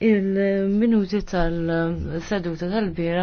il-minuti tal-seduta tal-bira